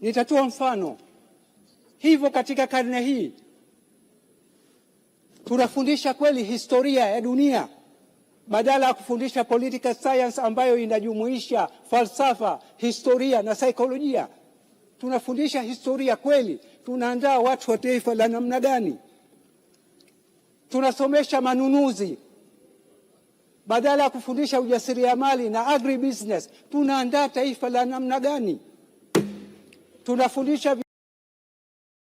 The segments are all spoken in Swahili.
Nitatoa mfano hivyo. Katika karne hii tunafundisha kweli historia ya dunia badala ya kufundisha political science ambayo inajumuisha falsafa, historia na saikolojia. Tunafundisha historia kweli? Tunaandaa watu wa taifa la namna gani? Tunasomesha manunuzi badala ya kufundisha ujasiriamali na agribusiness. Tunaandaa taifa la namna gani? tunafundisha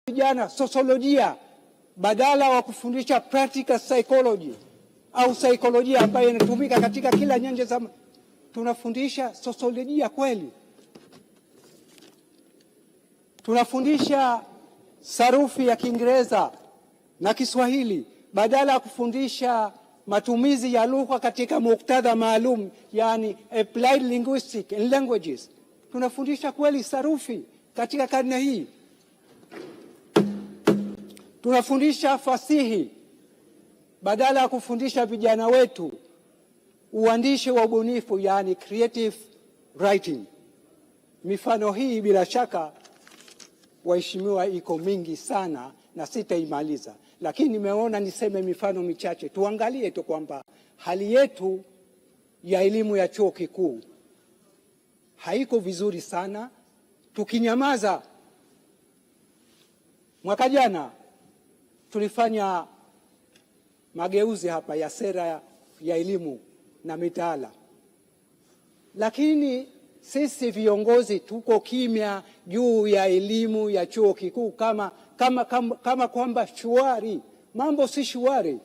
vijana sosiolojia badala wa kufundisha practical psychology au saikolojia ambayo inatumika katika kila nyanja za tunafundisha sosiolojia kweli, tunafundisha sarufi ya Kiingereza na Kiswahili badala ya kufundisha matumizi ya lugha katika muktadha maalum, yani applied linguistic and languages. Tunafundisha kweli sarufi katika karne hii. Tunafundisha fasihi badala ya kufundisha vijana wetu uandishi wa ubunifu, yani creative writing. Mifano hii bila shaka, waheshimiwa, iko mingi sana na sitaimaliza, lakini nimeona niseme mifano michache. Tuangalie tu kwamba hali yetu ya elimu ya chuo kikuu haiko vizuri sana. Tukinyamaza, mwaka jana tulifanya mageuzi hapa ya sera ya elimu na mitaala, lakini sisi viongozi tuko kimya juu ya elimu ya chuo kikuu kama, kama, kama, kama kwamba shuari. Mambo si shuari.